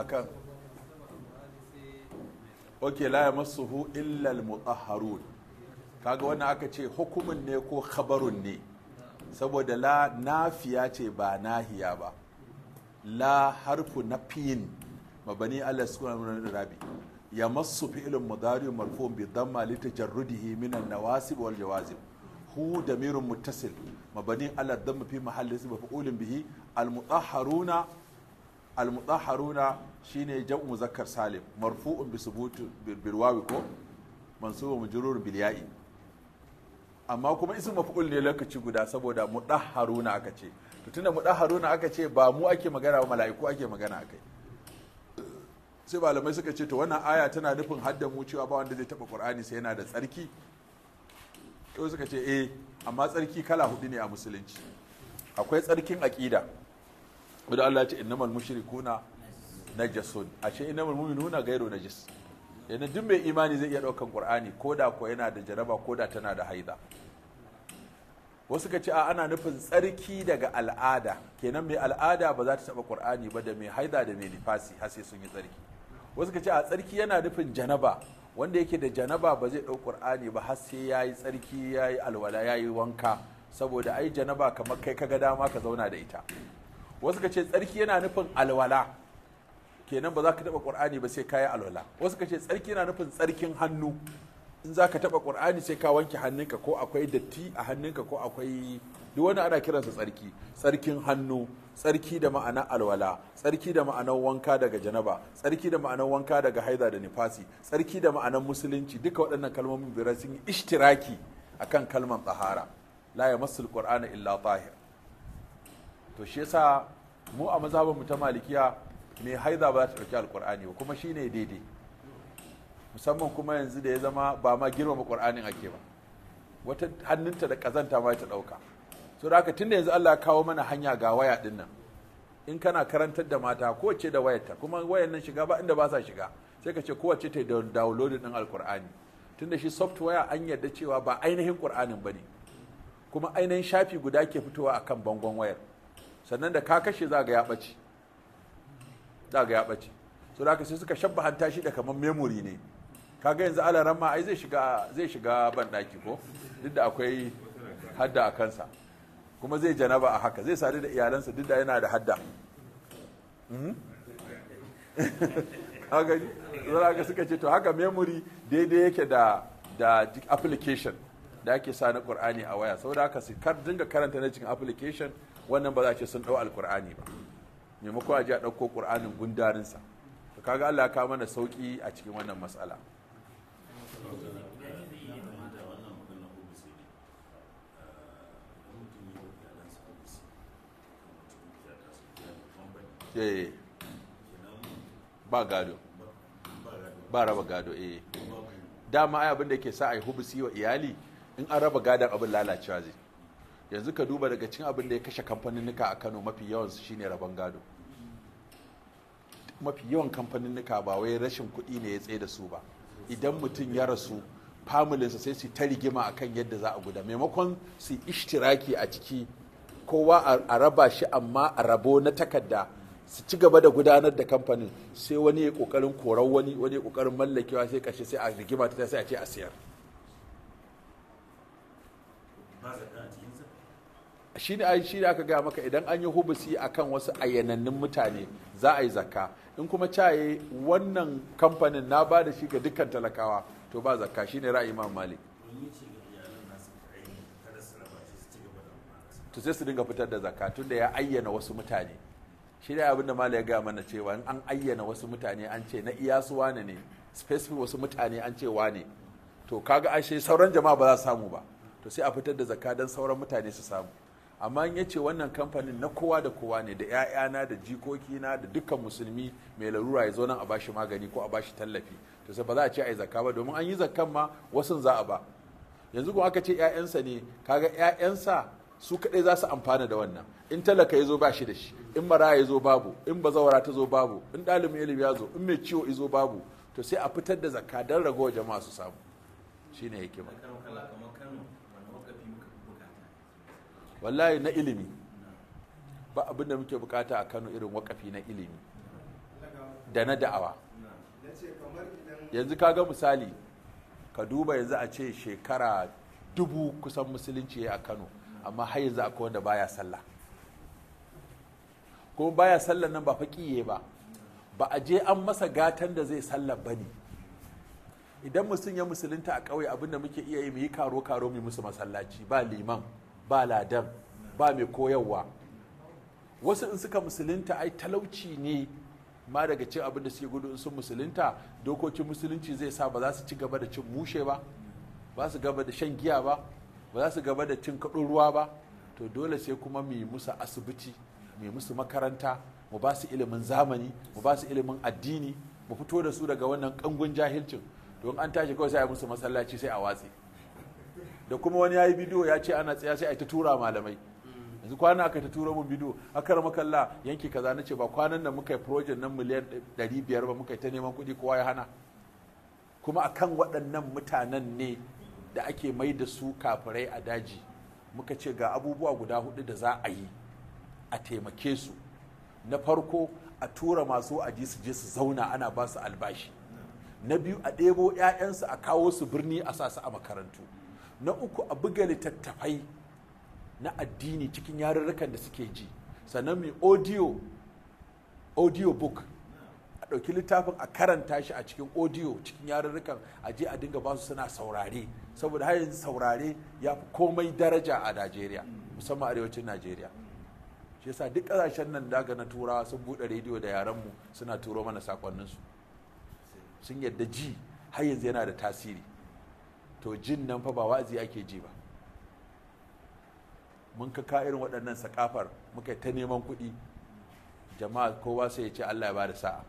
akan ok la hu illal almutahharun kaga wannan aka ce hukumin ne ko khabarun ne saboda la nafiya ce ba nahiya ba la harfu fiyin mabani ala sukun rabi fi ilin mudari marfo bi dhamma li tajarrudihi min an-nawasib wal jawazib hu mirin mutasil mabani ala dhamma fi mahalli ism bihi al-mutahharuna al-mutahharuna shine jam'u muzakkar salim marfu'un bi subutu bil ko mansubun majrurun bil ya'i amma kuma isin maf'ul ne lokaci guda saboda mudahharuna aka ce to tunda mudahharuna aka ce ba mu ake magana ba mala'iku ake magana akai sai malamai suka ce to wannan aya tana nufin hadda mu cewa ba wanda zai taba qur'ani sai yana da tsarki to suka ce eh amma tsarki kala hudu ne a musulunci akwai tsarkin aqida wadda Allah ya ce innamal mushrikuna najasun ashe innamal mu'minuna gairo najis yana duk mai imani zai iya daukan qur'ani koda ko yana da jaraba koda tana da haida wasu ka ce a ana nufin tsarki daga al'ada kenan mai al'ada ba za ta taba qur'ani ba da mai haida da mai nifasi har sai sun yi tsarki wasu ka ce a tsarki yana nufin janaba wanda yake da janaba ba zai ɗau kur'ani ba har sai ya yi tsarki ya yi alwala ya yi wanka saboda ai janaba kamar kai kaga dama ka zauna da ita wasu ka ce tsarki yana nufin alwala kenan ba za ka taɓa ƙur'ani ba sai ka yi alwala wasu ka ce tsarki yana nufin tsarkin hannu in za ka taɓa ƙur'ani sai ka wanke hannunka ko akwai datti a hannunka ko akwai duk wani ana kiransa tsarki tsarkin hannu tsarki da ma'anar alwala tsarki da ma'anar wanka daga janaba tsarki da ma'anar wanka daga haida da nifasi tsarki da ma'anar musulunci duka waɗannan kalmomin biyar sun yi ishtiraki akan kalmar tsahara la ya masul qur'ana illa tahir to shi yasa mu a mazhabin mu ta malikiya mai haiza ba za ta ɗauki alƙur'ani ba kuma shi daidai musamman kuma yanzu da ya zama ba ma girmama ƙur'anin ake ba wata hannunta da ƙazanta ma ta ɗauka so da haka tun da yanzu Allah ya kawo mana hanya ga waya ɗin in kana karantar da mata kowace da wayarta kuma wayan nan shiga ba inda ba sa shiga sai ka ce kowace ta yi downloading ɗin alƙur'ani tun da shi software an yarda cewa ba ainihin ƙur'anin ba ne kuma ainihin shafi guda ke fitowa akan bangon wayar sannan da ka kashe za ga ya ɓace za ga ya ɓace so da sai suka shabbahanta shi da kamar memory ne kaga yanzu ala ramma ai zai shiga zai shiga ban daki ko duk da akwai hadda a kansa kuma zai janaba a haka zai sadu da iyalansa duk da yana da hadda hmm? kaga zara suka ce to haka memory daidai yake da da application da ake sa na Qur'ani a waya saboda haka su kar dinga karanta na cikin application wannan ba za ce sun ɗau alkur'ani ba maimako a ji a ɗauko ƙur'anin gundarinsa to kaga Allah ka mana sauƙi a cikin wannan matsala eh. ba gado ba raba gado eh dama ai abin da ke sa ai hubusi wa iyali in an raba gadon abin lalacewa zai yanzu ka duba daga cin abin da ya kashe kamfaninnika a kano mafi yawan su shine rabon gado mafi yawan kamfaninnika ba wai rashin kuɗi ne ya tsaye da su ba idan mutum ya rasu familinsa sai su ta rigima a kan yadda za a guda maimakon su ishtiraki a ciki kowa a raba shi amma a rabo na takarda su ci gaba da gudanar da kamfanin sai wani ya kokarin korar wani wani ya kokarin mallakewa sai kashe sai a rigima ta sai a ce a siyar shi ne aka gaya maka idan an yi hubusi a kan wasu ayyanannin mutane za a yi zakka in kuma caye wannan kamfanin na ba da shi ga dukkan talakawa to ba zakka shi ne ra'ayi imam malik to sai su dinga fitar da zakka tun da ya ayyana wasu mutane shi ne abin da malik ya gaya mana cewa in an ayyana wasu mutane an ce na iyasu wane ne specific wasu mutane an ce wane to kaga ashe sauran jama'a ba za su samu ba to sai a fitar da zakka don sauran mutane su samu amma ya ce wannan kamfanin na kowa da kowa ne da 'ya'yana da jikokina da dukkan musulmi mai larura ya zo nan a bashi magani ko a bashi tallafi to sai ba za a ce a yi zakka ba domin an yi zakkan ma wasu za a ba yanzu kuma aka ce 'ya'yansa ne kaga 'ya'yansa su kadai za su amfana da wannan in talaka ya zo ba shi da shi in mara ya zo babu in bazawara ta zo babu in ɗalibin ilimi ya zo in mai ciwo ya zo babu to sai a fitar da zakka don ragowa jama'a su samu shine hikima wallahi na ilimi ba abin da muke bukata a kano irin wakafi na ilimi da na da'awa yanzu ka ga misali ka duba yanzu a ce shekara dubu kusan musulunci ya a kano amma har yanzu akwai wanda baya sallah kuma baya sallah nan ba faƙiye ba ba a je an masa gatan da zai sallah ba ne idan mutum ya musulunta a ƙauye abin da muke iya yi mu yi karo karo mu yi musu masallaci ba liman ba ladan ba mai koyarwa wasu in suka musulunta ai talauci ne ma daga cin abin da suke gudu in sun musulunta dokokin musulunci zai sa ba za su ci gaba da cin mushe ba ba su gaba da shan giya ba ba za su gaba da cin kaɗin ruwa ba to dole sai kuma mu musu asibiti mu musu makaranta mu ba su ilimin zamani mu ba su ilimin addini mu fito da su daga wannan kangun jahilcin don an tashi kawai sai a musu masallaci sai a watsi da kuma wani ya yi bidiyo ya ce ana tsaya sai a ta tura malamai yanzu kwana aka ta tura mun bidiyo akar makalla yanki kaza ce ba kwanan nan muka yi project nan miliyan biyar ba muka yi ta neman kuɗi kowa ya hana kuma akan waɗannan mutanen ne da ake mai da su kafirai a daji muka ce ga abubuwa guda hudu da za a yi a taimake su na farko a tura masu aji su je su zauna ana ba su albashi na biyu a ɗebo 'ya'yansu a kawo su birni a sa su a makarantu na uku a buga littattafai na addini cikin yarurrukan da suke ji sannan mai audio audio book a ɗauki littafin a karanta shi a cikin audio cikin yarurrukan a je a dinga basu suna saurare saboda har yanzu saurare ya fi komai daraja a najeriya musamman arewacin najeriya shi yasa duk ƙasashen nan daga na turawa sun buɗe rediyo da yaranmu suna turo mana sakonninsu sun yadda ji har yanzu yana da tasiri to jin nan fa ba wa'azi ake ji ba mun ka ka irin waɗannan sakafar muka ta neman kuɗi jama'a kowa sai ya ce Allah ya bada sa'a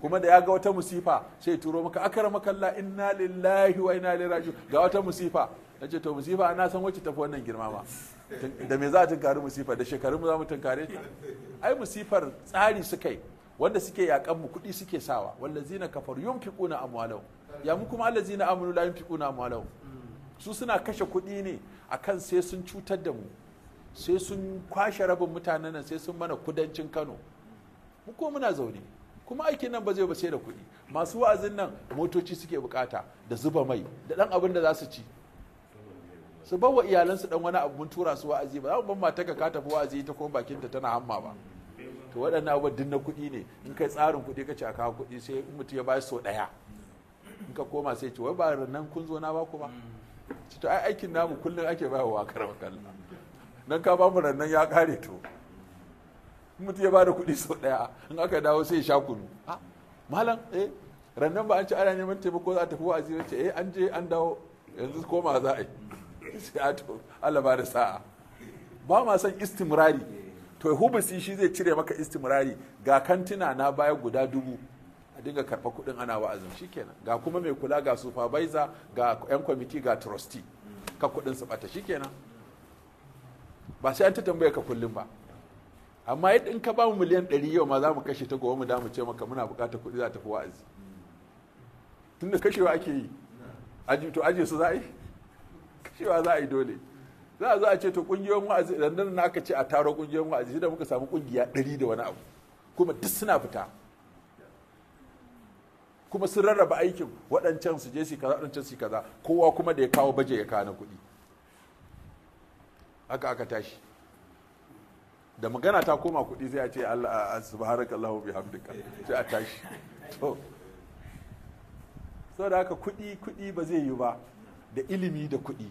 kuma da ya ga wata musifa sai turo maka akara makalla inna lillahi wa inna ilaihi raji'un ga wata musifa ce to musifa ana san wacce tafi wannan girma ma da me za a tunkari musifa da shekarun mu za mu tunkare ta ai musifar tsari suka yi wanda suke yakan mu kuɗi suke sawa wallazina kafar yunfiquna amwalahum ya mu kuma allazina amanu la yunfiquna amwalahum su suna kashe kuɗi ne akan sai sun cutar da mu sai sun kwashe rabin mutanen nan sai sun mana kudancin Kano mu ko muna zaune kuma aikin nan ba zai ba sai da kuɗi masu wa'azin nan motoci suke bukata da zuba mai da dan abin da za su ci su bawa iyalansu dan wani abu mun tura su wa'azi ba za mu ban mata ka tafi wa'azi ta kuma bakinta tana hamma ba to waɗannan abubuwan duk na kuɗi ne in kai tsarin kuɗi ka ce a kawo kuɗi sai in mutum ya ba sau ɗaya in ka koma sai ce wai ba nan kun zo na ba ku ba to ai aikin namu kullum ake wa karama kallon nan ka ba mu nan ya kare to mutum ya ba da kuɗi sau ɗaya in aka dawo sai ya sha kunu ah, malam eh rannan ba an ci ana neman taimako za a tafi wa'azi ce eh an je an dawo yanzu koma za a yi sai a to Allah ba da sa'a ba ma son istimrari to hubusi shi zai cire maka istimrari ga kantina na baya guda dubu a dinga karfa kuɗin ana wa'azin shikenan ga kuma mai kula ga supervisor ga 'yan kwamiti ga trustee ka kuɗin su ɓata shikenan ba sai an ta tambaya ka kullum ba amma yadda in ka ba mu miliyan ɗari yau ma za mu kashe ta gobe mu da mu ce maka muna buƙatar kuɗi za ta fi wa'azi tunda kashewa ake yi aji to aje su za a yi kashewa za a yi dole za a zo a ce to kungiyoyin wa'azi idan na aka ce a taro kungiyoyin wa'azi shi da muka samu kungiya ɗari da wani abu kuma duk suna fita kuma sun rarraba aikin waɗancan su je su kaza waɗancan su kaza kowa kuma da ya kawo baje ya kawo na kuɗi haka aka tashi da magana ta koma kuɗi sai a ce Allah subhanaka Allahu bihamdika sai a tashi to saboda haka kuɗi kuɗi ba zai yi ba da ilimi da kuɗi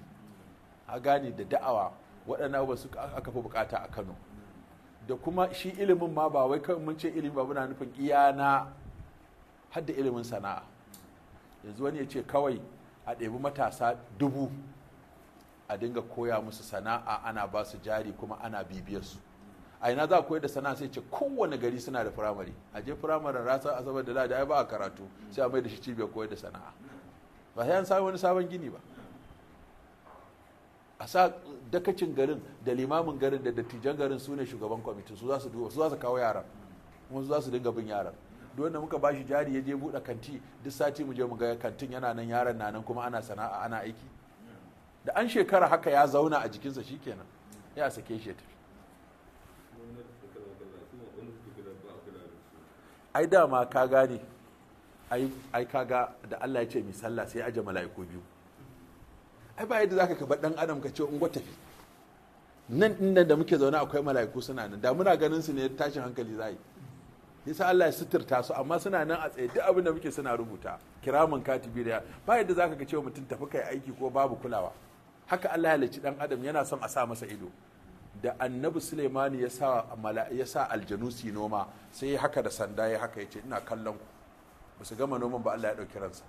a gane da da'awa waɗannan ba su aka fi bukata a Kano da kuma shi ilimin ma ba wai kan mun ce ilimin ba muna nufin iya na hadda ilimin sana'a yanzu wani ya ce kawai a ɗebi matasa dubu a dinga koya musu sana'a ana ba su jari kuma ana bibiyar su a ina za a koyar da sana'a sai ce kowane gari suna da firamare a je firamaren rasa asabar da lada ai ba a karatu sai a mai da shi cibiyar koyar da sana'a ba sai an sami wani sabon gini ba a sa dakacin garin da limamin garin da dattijan garin su ne shugaban kwamitin su za su duba su za su kawo yaran kuma su za su dinga bin yaran duk da muka shi jari ya je buɗe kanti duk sati mu je mu ga kantin yana nan yaran na nan kuma ana sana'a ana aiki da an shekara haka ya zauna a jikinsa shikenan ya sake shi ya tafi ai da ma ka gane ai kaga da Allah ya ce mi sallah sai aje mala'iku biyu ai ba yadda zaka kaba dan adam ka ce in tafi nan inda da muke zaune akwai mala'iku suna nan da muna ganin su ne tashin hankali zai yasa Allah ya suturta su amma suna nan a tsaye duk abin da muke suna rubuta kiraman katibi da ba yadda zaka ka ce mutum tafi kai aiki ko babu kulawa haka Allah ya halicci dan adam yana son a sa masa ido da annabi Suleimani ya sa ya sa aljanu noma sai haka da sanda ya haka yace ina kallon ku ba su gama noman ba Allah ya dauki ransa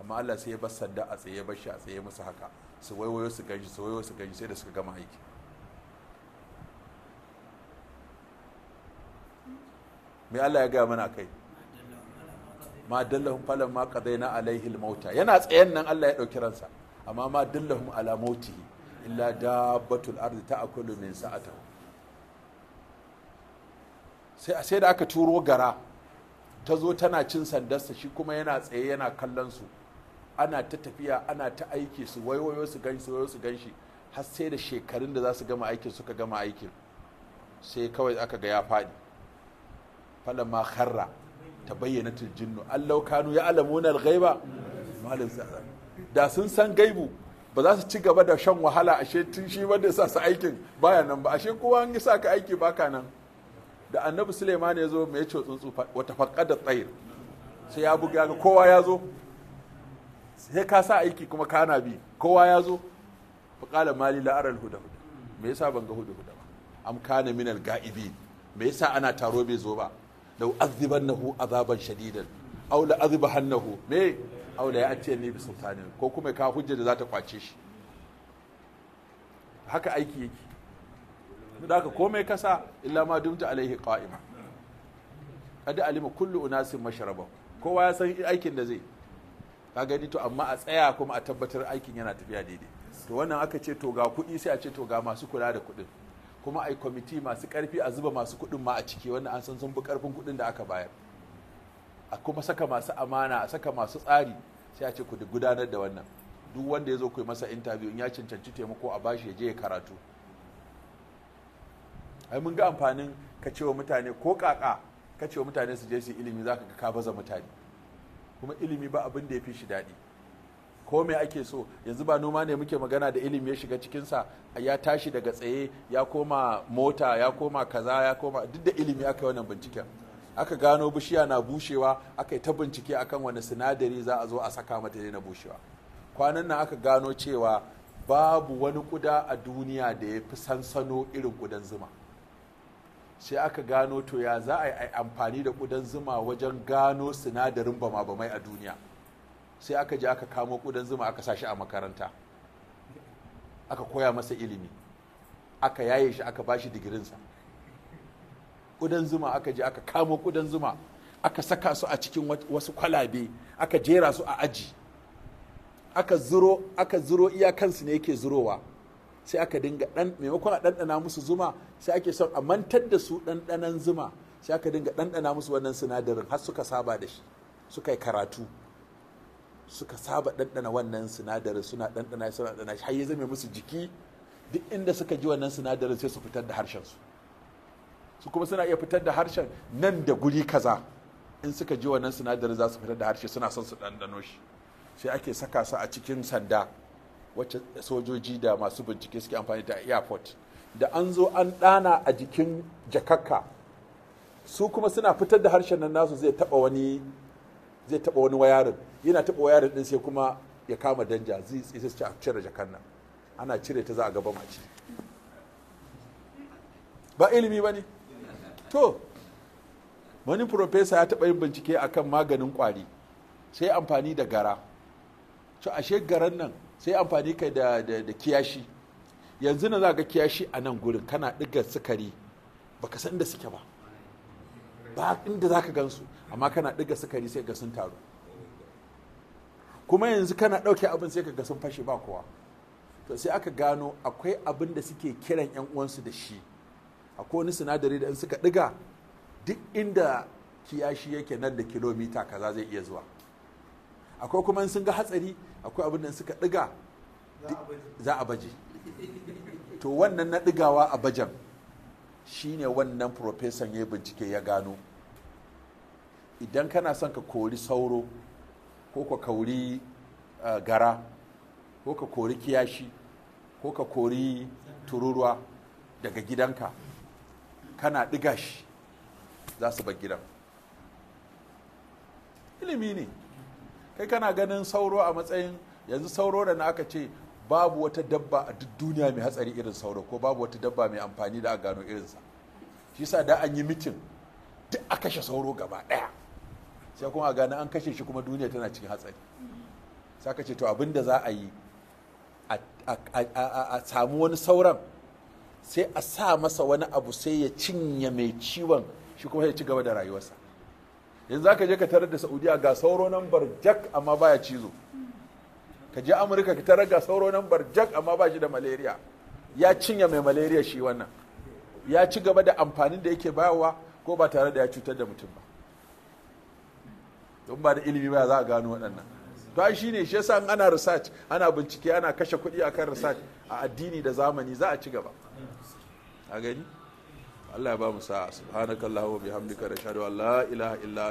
amma Allah sai ya bar sanda a tsaye bar shi a tsaye musu haka su waiwayo su gaji su waiwayo su gaji sai da suka gama aiki me Allah ya gaya mana kai ma dallahum falan ma qadaina alaihi almauta yana tsayen nan Allah ya dauki ransa amma ma dallahum ala mautihi illa dabbatul ardi ta'kulu min ta sai sai da aka turo gara ta zo tana cin sandarsa shi kuma yana tsaye yana kallon su ana ta tafiya ana ta aiki su waiwayo su gan su su gan shi har sai da shekarun da za su gama aikin suka gama aikin sai kawai aka ga ya faɗi fala ma kharra ta bayyana jinnu allau kanu ya alamuna al malin malam da sun san gaibu ba za su ci gaba da shan wahala ashe tun shi wanda ya sa su aikin baya nan ba ashe kowa an yi sa ka aiki baka nan da annabi suleiman ya zo mai ce tsuntsu wata faqada da tsayir sai ya buga ga kowa ya zo sai ka sa aiki kuma kana bi kowa ya zo faƙala mali la'arar huda huda me yasa ban ga huda huda ba am kana minal ga'ibi me yasa ana taro bai zo ba lau azibannahu azaban shadidan aw la azbahannahu me aw la ce ni bi sultanin ko kuma ka hujja da za ta kwace shi haka aiki yake da haka komai kasa illa ma dumta alaihi qa'ima qad alima kullu unasin masharaba kowa ya san aikin da zai ka gani to amma a tsaya kuma a tabbatar aikin yana tafiya daidai to wannan aka ce to ga kuɗi sai a ce to ga masu kula da kuɗin kuma ai kwamiti masu ƙarfi a zuba masu kuɗin ma a ciki wannan an san sun bu ƙarfin kuɗin da aka bayar a kuma saka masu amana a saka masu tsari sai a ce ku gudanar da wannan duk wanda ya zo kai masa interview in ya cancanci taimako a bashi ya je ya karatu ai mun ga amfanin ka cewa mutane ko kaka ka cewa mutane su je su ilimi zaka ga ka baza mutane kuma ilimi ba abin da ya fi shi daɗi ko me ake so yanzu ba noma ne muke magana da ilimi ya shiga cikinsa ya tashi daga tsaye ya koma mota ya koma kaza ya koma duk da ilimi aka yi wannan binciken aka gano bishiya na bushewa aka yi ta bincike akan wani sinadari za a zo a saka mata na bushewa kwanan nan aka gano cewa babu wani kuda a duniya da ya fi sansano irin kudan zuma sai aka gano to ya za a yi amfani da ƙudan zuma wajen gano sinadarin bama bamai a duniya sai aka je aka kamo ƙudan zuma aka sa shi a makaranta aka koya masa ilimi aka yaye shi aka bashi digirinsa ƙudan zuma aka je aka kamo ƙudan zuma aka saka su a cikin wasu kwalabe aka jera su a aji aka zuro aka zuro iyakansu ne yake zurowa sai aka dinga dan maimakon a ɗanɗana musu zuma sai ake son a mantar da su ɗanɗanan zuma sai aka dinga ɗanɗana musu wannan sinadarin har suka saba da shi suka yi karatu suka saba ɗanɗana wannan sinadarin suna ɗanɗana suna ɗanɗana shi har ya zame musu jiki duk inda suka ji wannan sinadarin sai su fitar da harshen su su kuma suna iya fitar da harshen nan da guri kaza in suka ji wannan sinadarin za su fitar da harshe suna son su ɗanɗano shi sai ake saka su a cikin sanda wacce sojoji da masu bincike suke amfani da airport da an zo an ɗana a jikin jakakka su kuma suna fitar da harshen nan nasu zai taɓa wani zai taɓa wani wayarin yana taɓa wayarin ɗin sai kuma ya kama danja zai sai ci a cire jakan nan ana cire ta za a gaba mace ba ilimi ba ne to wani profesa ya taɓa yin bincike akan maganin kwari sai amfani da gara to ashe garan nan sai amfani kai da kiyashi yanzu na za ga kiyashi a nan gurin kana ɗiga sukari baka san da suke ba ba inda za ka gansu amma kana ɗiga sukari sai ga sun taru kuma yanzu kana ɗauke abin sai ka ga sun fashe ba kowa to sai aka gano akwai abin da suke kiran yan uwansu da shi akwai wani sinadari da in suka ɗiga duk inda kiyashi yake nan da kilomita kaza zai iya zuwa akwai kuma in sun ga hatsari akwai abin da suka ɗiga za a baje to wannan na ɗigawa a bajan shine wannan profesan ya bincike ya gano idan kana son ka kori sauro ko ka kori eh, gara ko ka kori kiyashi ko ka kori tururuwa daga gidanka kana ɗiga shi za su bar gidan ilimi ne kai kana ganin sauro a matsayin yanzu sauro da na aka ce babu wata dabba a duk duniya mai hatsari irin sauro ko babu wata dabba mai amfani da a gano irinsa shi sa da an yi mitin duk a kashe sauro gaba ɗaya sai kuma a gano an kashe shi kuma duniya tana cikin hatsari sai ka ce to abin da za a yi a samu wani sauran sai a sa masa wani abu sai ya cinye mai ciwon shi kuma ya ci gaba da rayuwarsa yanzu za ka je ka tarar da saudiya ga sauro nan jak amma baya cizo ka je amurka ka tarar ga sauro nan barjak amma ba shi da malaria ya cinye mai malaria shi wannan ya ci gaba da amfanin da yake bayarwa ko ba tare da ya cutar da mutum ba don ba da ilimi ba za a gano waɗannan to shi ne shi yasa ana research ana bincike ana kashe kuɗi akan research a addini da zamani za a ci gaba a gani Allah ya ba mu sa'a wa bihamdika nashhadu an la ilaha illa